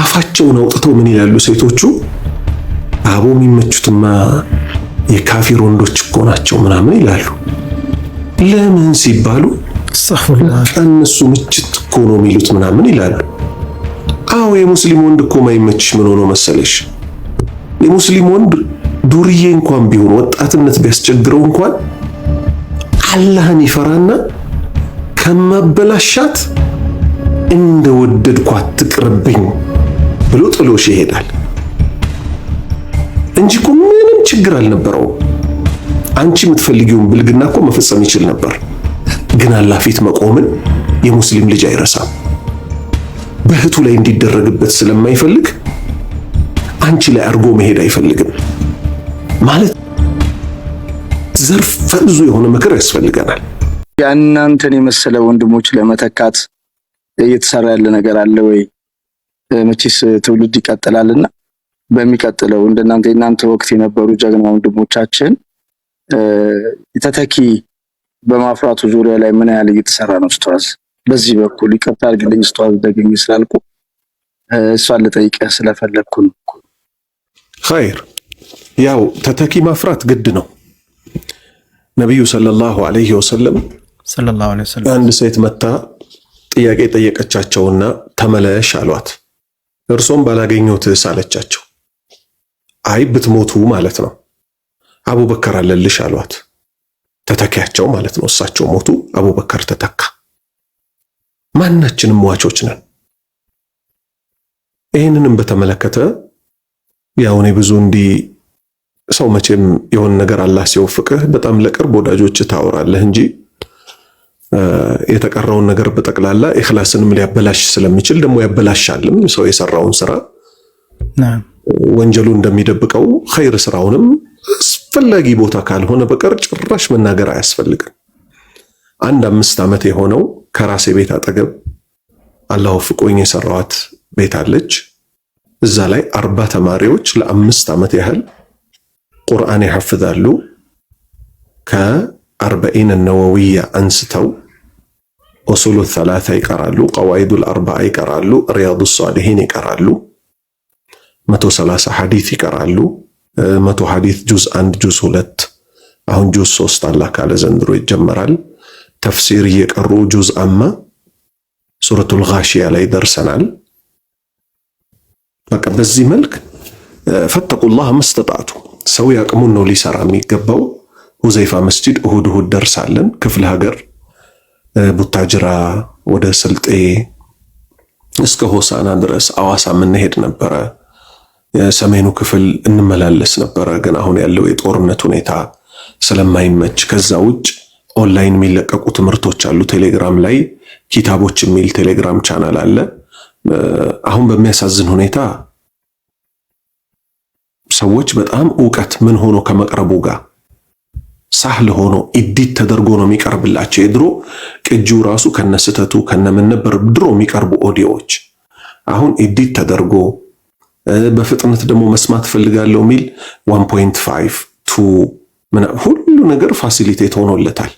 አፋቸውን አውጥተው ምን ይላሉ ሴቶቹ? አቦ የሚመቹትማ የካፊር ወንዶች እኮ ናቸው ምናምን ይላሉ። ለምን ሲባሉ እነሱ ምችት እኮ ነው የሚሉት ምናምን ይላሉ። አዎ የሙስሊም ወንድ እኮ ማይመችሽ ምን ሆኖ መሰለሽ? የሙስሊም ወንድ ዱርዬ እንኳን ቢሆን ወጣትነት ቢያስቸግረው እንኳን አላህን ይፈራና ከማበላሻት እንደወደድኳት ትቅርብኝ ብሎ ጥሎሽ ይሄዳል እንጂ እኮ ምንም ችግር አልነበረውም። አንቺ የምትፈልጊውን ብልግና እኮ መፈጸም ይችል ነበር። ግን አላህ ፊት መቆምን የሙስሊም ልጅ አይረሳም። በእህቱ ላይ እንዲደረግበት ስለማይፈልግ አንቺ ላይ አድርጎ መሄድ አይፈልግም። ማለት ዘርፈ ብዙ የሆነ ምክር ያስፈልገናል። የእናንተን የመሰለ ወንድሞች ለመተካት እየተሰራ ያለ ነገር አለ ወይ? መቼስ ትውልድ ይቀጥላልና በሚቀጥለው እንደናንተ የናንተ ወቅት የነበሩ ጀግና ወንድሞቻችን ተተኪ በማፍራቱ ዙሪያ ላይ ምን ያህል እየተሰራ ነው? ስተዋዝ በዚህ በኩል ይቅርታ አድርግልኝ፣ ስተዋዝ ደግሜ ስላልኩ እሷን ልጠይቅህ ስለፈለግኩ ነው። ኸይር ያው ተተኪ ማፍራት ግድ ነው። ነቢዩ ሰለላሁ ዐለይሂ ወሰለም አንድ ሴት መታ ጥያቄ ጠየቀቻቸውና ተመለሽ አሏት። እርሶም ባላገኘሁትስ አለቻቸው። አይ ብትሞቱ ማለት ነው አቡበከር አለልሽ አሏት። ተተኪያቸው ማለት ነው። እሳቸው ሞቱ፣ አቡበከር ተተካ። ማናችንም ዋቾች ነን። ይህንንም በተመለከተ ያው እኔ ብዙ እንዲህ ሰው መቼም የሆን ነገር አላህ ሲወፍቅህ በጣም ለቅርብ ወዳጆች ታወራለህ እንጂ የተቀረውን ነገር በጠቅላላ ኢኽላስንም ሊያበላሽ ስለሚችል ደግሞ ያበላሻልም። ሰው የሰራውን ስራ ወንጀሉ እንደሚደብቀው ኸይር ስራውንም አስፈላጊ ቦታ ካልሆነ በቀር ጭራሽ መናገር አያስፈልግም። አንድ አምስት ዓመት የሆነው ከራሴ ቤት አጠገብ አላሁ ፍቆኝ የሰራዋት ቤት አለች። እዛ ላይ አርባ ተማሪዎች ለአምስት ዓመት ያህል ቁርአን ያሐፍዛሉ ከአርበኢን ነወውያ አንስተው ኡሱሉ ሰላሳ ይቀራሉ፣ ቀዋይዱል አርባዓ ይቀራሉ፣ ሪያዱ ሷሊሂን ይቀራሉ፣ መቶ ሰላሳ ሐዲት ይቀራሉ። መቶ ሐዲት ጁዝ አንድ ጁዝ ሁለት አሁን ጁዝ ሶስት አላህ ካለ ዘንድሮ ይጀመራል። ተፍሲር እየቀሩ ጁዝ አማ ሱረቱል ጋሺያ ላይ ደርሰናል። በቃ በዚህ መልክ ፈተቁላህ መስተጣቱ ሰው ያቅሙን ነው ሊሰራ የሚገባው። ሁዘይፋ መስጂድ እሁድ እሁድ ደርሳለን ክፍለ ሀገር ቡታጅራ ወደ ስልጤ እስከ ሆሳና ድረስ አዋሳ የምንሄድ ነበረ። የሰሜኑ ክፍል እንመላለስ ነበረ። ግን አሁን ያለው የጦርነት ሁኔታ ስለማይመች ከዛ ውጭ ኦንላይን የሚለቀቁ ትምህርቶች አሉ። ቴሌግራም ላይ ኪታቦች የሚል ቴሌግራም ቻናል አለ። አሁን በሚያሳዝን ሁኔታ ሰዎች በጣም እውቀት ምን ሆኖ ከመቅረቡ ጋር ሳህል ሆኖ ኢዲት ተደርጎ ነው የሚቀርብላቸው። የድሮ ቅጂው ራሱ ከነስተቱ ከነምን ነበር ድሮ የሚቀርቡ ኦዲዮዎች። አሁን ኢዲት ተደርጎ በፍጥነት ደግሞ መስማት ፈልጋለሁ የሚል 1.5 ቱ ሁሉ ነገር ፋሲሊቴት ሆኖለታል።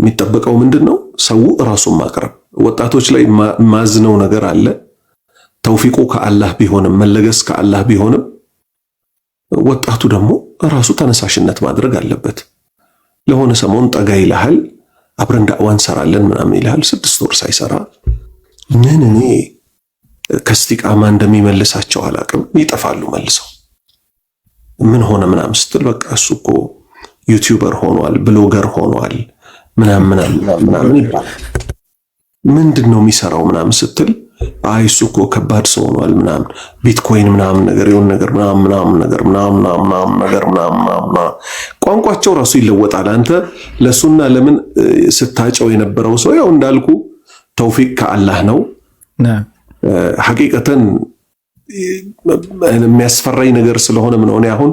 የሚጠበቀው ምንድን ነው? ሰው ራሱን ማቅረብ። ወጣቶች ላይ ማዝነው ነገር አለ። ተውፊቁ ከአላህ ቢሆንም መለገስ ከአላህ ቢሆንም ወጣቱ ደግሞ ራሱ ተነሳሽነት ማድረግ አለበት። ለሆነ ሰሞን ጠጋ ይልሃል፣ አብረን ዳዕዋ እንሰራለን ምናምን ይልሃል። ስድስት ወር ሳይሰራ ምን እኔ ከስቲቃማ እንደሚመልሳቸው አላቅም። ይጠፋሉ መልሰው ምን ሆነ ምናምን ስትል በቃ እሱ እኮ ዩቲዩበር ሆኗል፣ ብሎገር ሆኗል ምናምን ምናምን ምናምን ይባላል። ምንድን ነው የሚሰራው ምናምን ስትል አይ እሱ እኮ ከባድ ሰው ሆኗል ምናምን ቢትኮይን ምናምን ነገር የሆነ ነገር ምናምን ምናምን ነገር ምናምን ምናምን ነገር ምናምን ቋንቋቸው ራሱ ይለወጣል። አንተ ለሱና ለምን ስታጨው የነበረው ሰው ያው እንዳልኩ ተውፊቅ ከአላህ ነው። ሐቂቀተን የሚያስፈራኝ ነገር ስለሆነ ምን ሆነ አሁን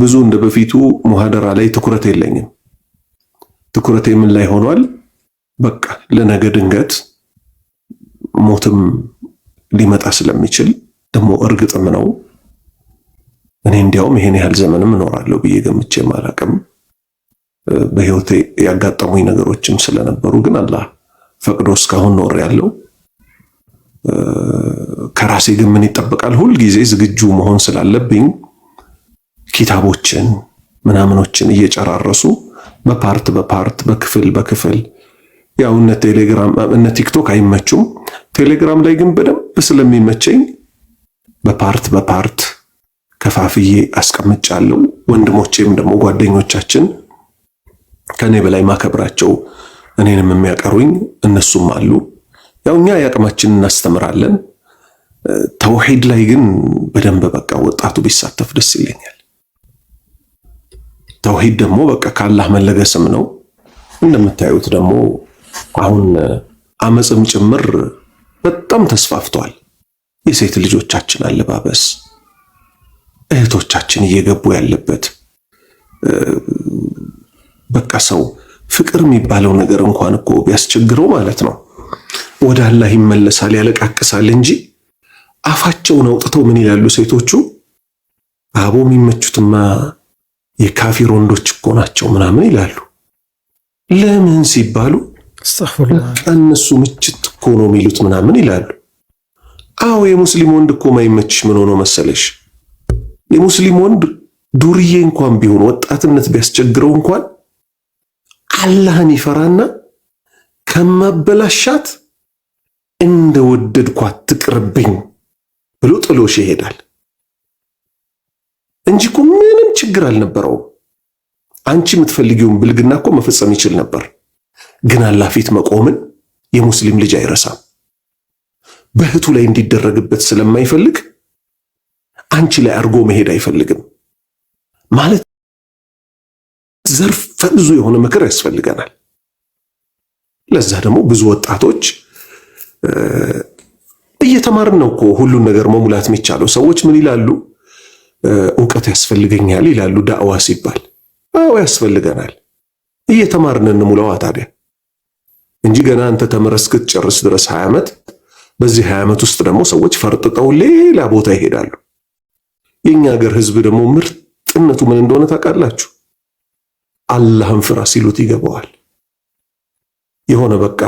ብዙ እንደ በፊቱ ሙሃደራ ላይ ትኩረት የለኝም። ትኩረቴ ምን ላይ ሆኗል? በቃ ለነገ ድንገት ሞትም ሊመጣ ስለሚችል ደግሞ እርግጥም ነው። እኔ እንዲያውም ይሄን ያህል ዘመንም እኖራለሁ ብዬ ገምቼ ማላቅም በህይወቴ ያጋጠሙኝ ነገሮችም ስለነበሩ ግን አላህ ፈቅዶ እስካሁን ኖር ያለው ከራሴ ግን ምን ይጠበቃል? ሁል ጊዜ ዝግጁ መሆን ስላለብኝ ኪታቦችን ምናምኖችን እየጨራረሱ በፓርት በፓርት በክፍል በክፍል ያው እነ ቴሌግራም እነ ቲክቶክ አይመቹም። ቴሌግራም ላይ ግን በደንብ ስለሚመቸኝ በፓርት በፓርት ከፋፍዬ አስቀምጫለሁ። ወንድሞቼም ደግሞ ጓደኞቻችን ከእኔ በላይ ማከብራቸው እኔንም የሚያቀሩኝ እነሱም አሉ። ያው እኛ የአቅማችን እናስተምራለን። ተውሂድ ላይ ግን በደንብ በቃ ወጣቱ ቢሳተፍ ደስ ይለኛል። ተውሂድ ደግሞ በቃ ካላህ መለገስም ነው። እንደምታዩት ደግሞ አሁን አመፅም ጭምር በጣም ተስፋፍቷል። የሴት ልጆቻችን አለባበስ እህቶቻችን እየገቡ ያለበት በቃ ሰው ፍቅር የሚባለው ነገር እንኳን እኮ ቢያስቸግረው ማለት ነው ወደ አላህ ይመለሳል፣ ያለቃቅሳል እንጂ አፋቸውን አውጥተው ምን ይላሉ ሴቶቹ? አቦ የሚመቹትማ የካፊር ወንዶች እኮ ናቸው ምናምን ይላሉ። ለምን ሲባሉ እነሱ ምችት እኮ ነው የሚሉት ምናምን ይላሉ። አዎ የሙስሊም ወንድ እኮ ማይመችሽ ምን ሆኖ መሰለሽ? የሙስሊም ወንድ ዱርዬ እንኳን ቢሆን ወጣትነት ቢያስቸግረው እንኳን አላህን ይፈራና ከማበላሻት እንደ ወደድኳ ትቅርብኝ ብሎ ጥሎሽ ይሄዳል እንጂ እኮ ምንም ችግር አልነበረውም። አንቺ የምትፈልጊውን ብልግና እኮ መፈጸም ይችል ነበር። ግን አላህ ፊት መቆምን የሙስሊም ልጅ አይረሳም። በእህቱ ላይ እንዲደረግበት ስለማይፈልግ አንቺ ላይ አድርጎ መሄድ አይፈልግም። ማለት ዘርፈ ብዙ የሆነ ምክር ያስፈልገናል። ለዛ ደግሞ ብዙ ወጣቶች እየተማርን ነው እኮ ሁሉን ነገር መሙላት የሚቻለው። ሰዎች ምን ይላሉ? እውቀት ያስፈልገኛል ይላሉ ዳዕዋ ሲባል። አዎ ያስፈልገናል፣ እየተማርን እንሙለዋ ታዲያ እንጂ ገና አንተ ተምረህ እስክትጨርስ ድረስ 20 ዓመት። በዚህ 20 ዓመት ውስጥ ደግሞ ሰዎች ፈርጥጠው ሌላ ቦታ ይሄዳሉ። የኛ ሀገር ህዝብ ደግሞ ምርጥነቱ ምን እንደሆነ ታውቃላችሁ? አላህን ፍራ ሲሉት ይገባዋል። የሆነ በቃ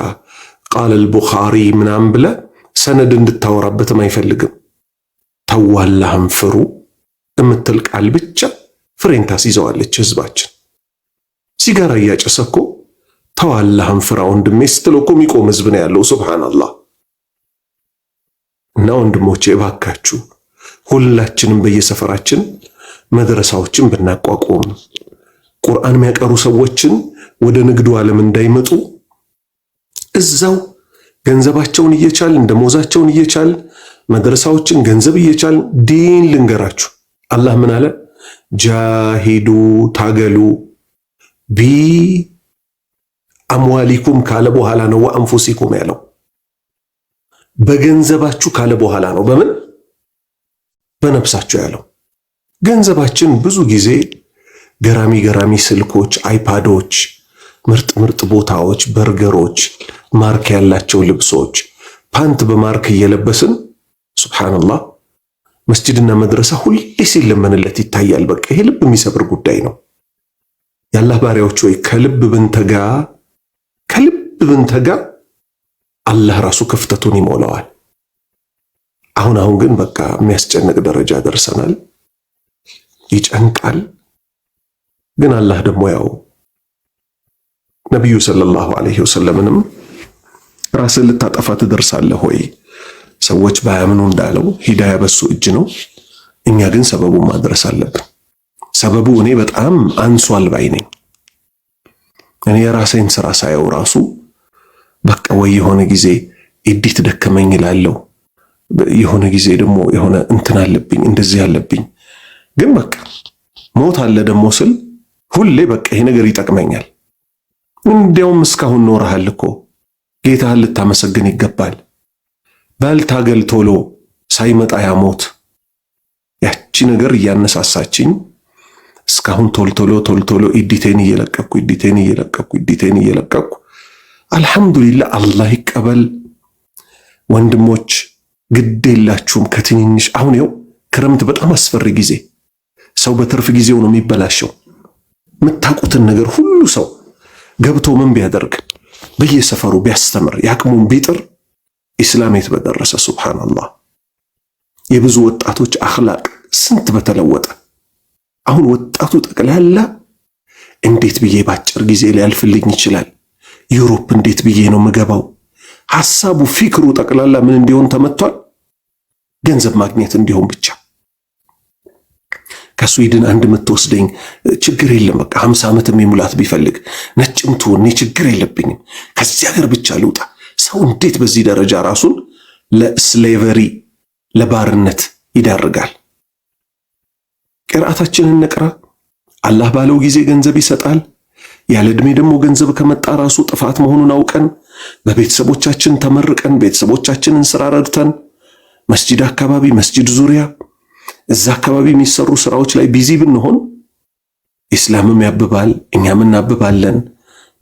ቃለል ቡኻሪ ምናምን ብለ ሰነድ እንድታወራበትም አይፈልግም። ተው አላህን ፍሩ እምትል ቃል ብቻ ፍሬን ታስይዘዋለች ህዝባችን። ሲጋራ እያጨሰ እኮ ተዋላህም ፍራው ወንድሜ ስትለው እኮ የሚቆም ህዝብ ነው ያለው። ሱብሃንአላህ። እና ወንድሞቼ እባካችሁ ሁላችንም በየሰፈራችን መድረሳዎችን ብናቋቁም ቁርአን የሚያቀሩ ሰዎችን ወደ ንግዱ ዓለም እንዳይመጡ እዛው ገንዘባቸውን እንደ ሞዛቸውን እየቻል መድረሳዎችን ገንዘብ እየቻል ዲን ልንገራችሁ። አላህ ምን አለ? ጃሂዱ ታገሉ ቢ አምዋሊኩም ካለ በኋላ ነው ወአንፉሲኩም ያለው በገንዘባችሁ ካለ በኋላ ነው በምን በነብሳችሁ ያለው። ገንዘባችን ብዙ ጊዜ ገራሚ ገራሚ ስልኮች፣ አይፓዶች፣ ምርጥ ምርጥ ቦታዎች፣ በርገሮች፣ ማርክ ያላቸው ልብሶች፣ ፓንት በማርክ እየለበስን ሱብሃንአላህ መስጅድና መድረሳ ሁሌ ሲለመንለት ይታያል። በቃ ይሄ ልብ የሚሰብር ጉዳይ ነው። የአላህ ባሪያዎች ወይ ከልብ ብንተጋ ብንተጋ አላህ ራሱ ክፍተቱን ይሞላዋል። አሁን አሁን ግን በቃ የሚያስጨንቅ ደረጃ ደርሰናል። ይጨንቃል። ግን አላህ ደግሞ ያው ነቢዩ ሰለላሁ ዐለይሂ ወሰለምንም ራስን ልታጠፋ ትደርሳለህ ሆይ ሰዎች ባያምኑ እንዳለው ሂዳያ በሱ እጅ ነው። እኛ ግን ሰበቡ ማድረስ አለብን። ሰበቡ እኔ በጣም አንሷል ባይ ነኝ። እኔ የራሴን ስራ ሳየው ራሱ በቃ ወይ የሆነ ጊዜ ኤዲት ደከመኝ ይላለው የሆነ ጊዜ ደግሞ የሆነ እንትን አለብኝ እንደዚህ አለብኝ። ግን በቃ ሞት አለ ደግሞ ስል ሁሌ በቃ ይሄ ነገር ይጠቅመኛል። እንዲያውም እስካሁን ኖረሃል እኮ ጌታህን ልታመሰግን ይገባል። ባልታገል ቶሎ ሳይመጣ ያ ሞት ያቺ ነገር እያነሳሳችኝ እስካሁን ቶልቶሎ ቶልቶሎ ኢዲቴን እየለቀኩ ኢዲቴን እየለቀኩ ኢዲቴን እየለቀኩ አልሐምዱሊላህ አላህ ይቀበል። ወንድሞች ግድ የላችሁም ከትንንሽ አሁን ይኸው ክረምት በጣም አስፈሪ ጊዜ፣ ሰው በትርፍ ጊዜው ነው የሚበላሸው። የምታውቁትን ነገር ሁሉ ሰው ገብቶ ምን ቢያደርግ በየሰፈሩ ቢያስተምር የአቅሙን ቢጥር ኢስላም የት በደረሰ! ሱብሃነላህ የብዙ ወጣቶች አኽላቅ ስንት በተለወጠ። አሁን ወጣቱ ጠቅላላ እንዴት ብዬ ባጭር ጊዜ ሊያልፍልኝ ይችላል ዩሮፕ እንዴት ብዬ ነው ምገባው? ሐሳቡ ፊክሩ ጠቅላላ ምን እንዲሆን ተመቷል? ገንዘብ ማግኘት እንዲሆን ብቻ። ከስዊድን አንድ የምትወስደኝ ችግር የለም በቃ ሀምሳ ዓመት የሚሙላት ቢፈልግ ነጭም ትሆን እኔ ችግር የለብኝም። ከዚህ ሀገር ብቻ ልውጣ። ሰው እንዴት በዚህ ደረጃ ራሱን ለስሌቨሪ ለባርነት ይዳርጋል? ቅርአታችንን ንቅራ አላህ ባለው ጊዜ ገንዘብ ይሰጣል። ያለ ዕድሜ ደግሞ ገንዘብ ከመጣ ራሱ ጥፋት መሆኑን አውቀን በቤተሰቦቻችን ተመርቀን ቤተሰቦቻችንን ስራ ረድተን መስጂድ አካባቢ መስጂድ ዙሪያ እዛ አካባቢ የሚሰሩ ስራዎች ላይ ቢዚ ብንሆን ኢስላምም ያብባል፣ እኛም እናብባለን።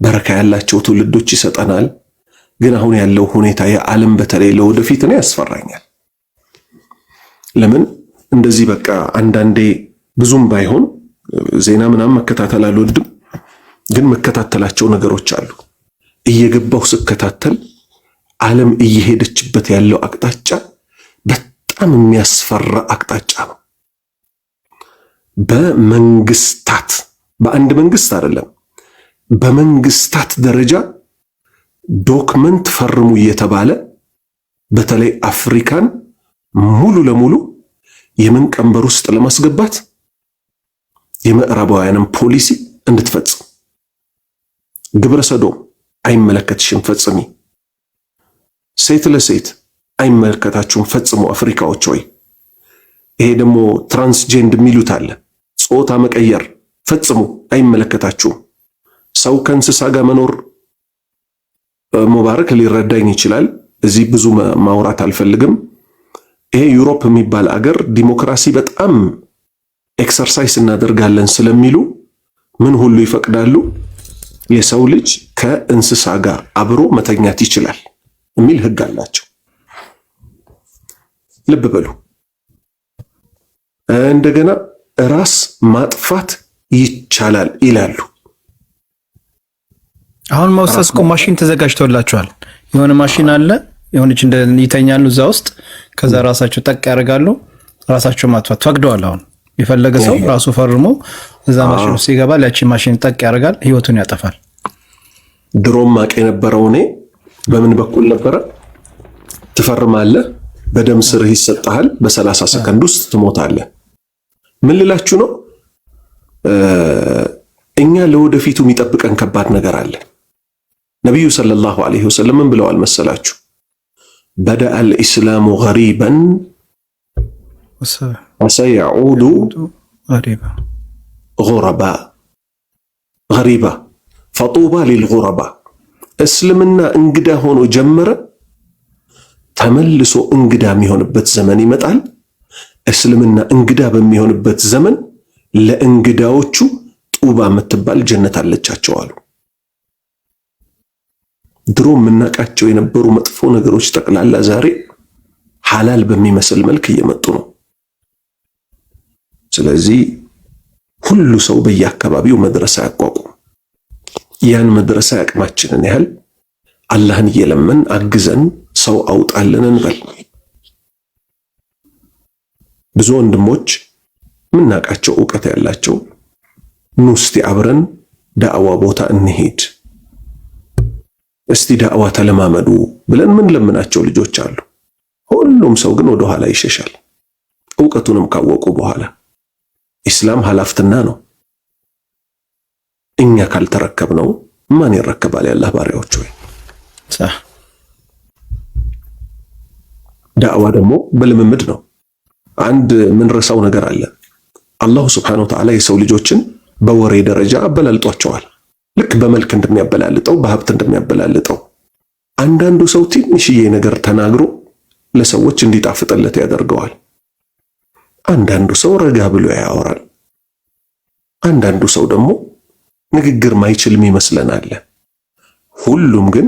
በረካ ያላቸው ትውልዶች ይሰጠናል። ግን አሁን ያለው ሁኔታ የዓለም በተለይ ለወደፊት ነው ያስፈራኛል። ለምን እንደዚህ በቃ አንዳንዴ ብዙም ባይሆን ዜና ምናምን መከታተል አልወድም። ግን መከታተላቸው ነገሮች አሉ። እየገባሁ ስከታተል ዓለም እየሄደችበት ያለው አቅጣጫ በጣም የሚያስፈራ አቅጣጫ ነው። በመንግስታት በአንድ መንግስት አይደለም፣ በመንግስታት ደረጃ ዶክመንት ፈርሙ እየተባለ በተለይ አፍሪካን ሙሉ ለሙሉ የምን ቀንበር ውስጥ ለማስገባት የምዕራባውያንን ፖሊሲ እንድትፈጽም ግብረ ሰዶም አይመለከትሽም ፈጽሚ። ሴት ለሴት አይመለከታችሁም ፈጽሞ አፍሪካዎች ወይ። ይሄ ደግሞ ትራንስጀንድ የሚሉት አለ። ጾታ መቀየር ፈጽሞ አይመለከታችሁም። ሰው ከእንስሳ ጋር መኖር ሙባረክ ሊረዳኝ ይችላል። እዚህ ብዙ ማውራት አልፈልግም። ይሄ ዩሮፕ የሚባል አገር ዲሞክራሲ በጣም ኤክሰርሳይስ እናደርጋለን ስለሚሉ ምን ሁሉ ይፈቅዳሉ። የሰው ልጅ ከእንስሳ ጋር አብሮ መተኛት ይችላል የሚል ህግ አላቸው። ልብ በሉ። እንደገና ራስ ማጥፋት ይቻላል ይላሉ። አሁን መውሰስ እኮ ማሽን ተዘጋጅቶላቸዋል። የሆነ ማሽን አለ፣ የሆነች ይተኛሉ እዛ ውስጥ። ከዛ ራሳቸው ጠቅ ያደርጋሉ፣ ራሳቸው ማጥፋት ፈቅደዋል አሁን የፈለገ ሰው ራሱ ፈርሞ እዛ ማሽን ውስጥ ይገባል። ያቺን ማሽን ጠቅ ያደርጋል፣ ህይወቱን ያጠፋል። ድሮም ማቅ የነበረው እኔ በምን በኩል ነበረ? ትፈርማለህ፣ በደም ስርህ ይሰጥሃል፣ በሰላሳ ሰከንድ ውስጥ ትሞታለህ። ምን ልላችሁ ነው? እኛ ለወደፊቱ የሚጠብቀን ከባድ ነገር አለ። ነቢዩ ሰለላሁ ዐለይሂ ወሰለም ምን ብለዋል መሰላችሁ? በደአ ኢስላሙ ገሪበን ወሰያዑዱ ጉረባ ገሪባ ፈጡባ ሊልጉረባ እስልምና እንግዳ ሆኖ ጀመረ። ተመልሶ እንግዳ የሚሆንበት ዘመን ይመጣል። እስልምና እንግዳ በሚሆንበት ዘመን ለእንግዳዎቹ ጡባ የምትባል ጀነት አለቻቸው አሉ። ድሮ የምናውቃቸው የነበሩ መጥፎ ነገሮች ጠቅላላ ዛሬ ሐላል በሚመስል መልክ እየመጡ ነው። ስለዚህ ሁሉ ሰው በየአካባቢው መድረሳ ያቋቁም። ያን መድረሳ ያቅማችንን ያህል አላህን እየለመን አግዘን ሰው አውጣልን እንበል። ብዙ ወንድሞች ምናቃቸው እውቀት ያላቸው ኑ እስቲ አብረን ዳዕዋ ቦታ እንሄድ፣ እስቲ ዳዕዋ ተለማመዱ ብለን ምን ለምናቸው ልጆች አሉ። ሁሉም ሰው ግን ወደኋላ ይሸሻል እውቀቱንም ካወቁ በኋላ ኢስላም ሀላፍትና ነው። እኛ ካልተረከብ ነው ማን ይረከባል? ያላህ ባሪያዎች ወይ ዳዕዋ ደግሞ በልምምድ ነው። አንድ ምንረሳው ነገር አለ። አላሁ ስብሐነሁ ወተዓላ የሰው ልጆችን በወሬ ደረጃ አበላልጧቸዋል። ልክ በመልክ እንደሚያበላልጠው በሀብት እንደሚያበላልጠው አንዳንዱ ሰው ትንሽዬ ነገር ተናግሮ ለሰዎች እንዲጣፍጥለት ያደርገዋል። አንዳንዱ ሰው ረጋ ብሎ ያወራል። አንዳንዱ ሰው ደግሞ ንግግር ማይችልም ይመስለናል። ሁሉም ግን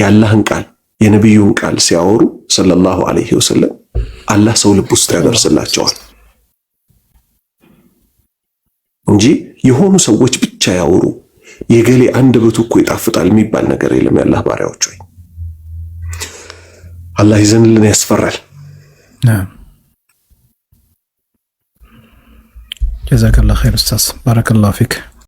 የአላህን ቃል የነቢዩን ቃል ሲያወሩ ሰለላሁ ዐለይሂ ወሰለም አላህ ሰው ልብ ውስጥ ያደርስላቸዋል እንጂ የሆኑ ሰዎች ብቻ ያወሩ የገሌ አንደበቱ እኮ ይጣፍጣል የሚባል ነገር የለም። ያላህ ባሪያዎች ሆይ አላህ ይዘንልን ያስፈራል። جزاك الله خير أستاذ بارك الله فيك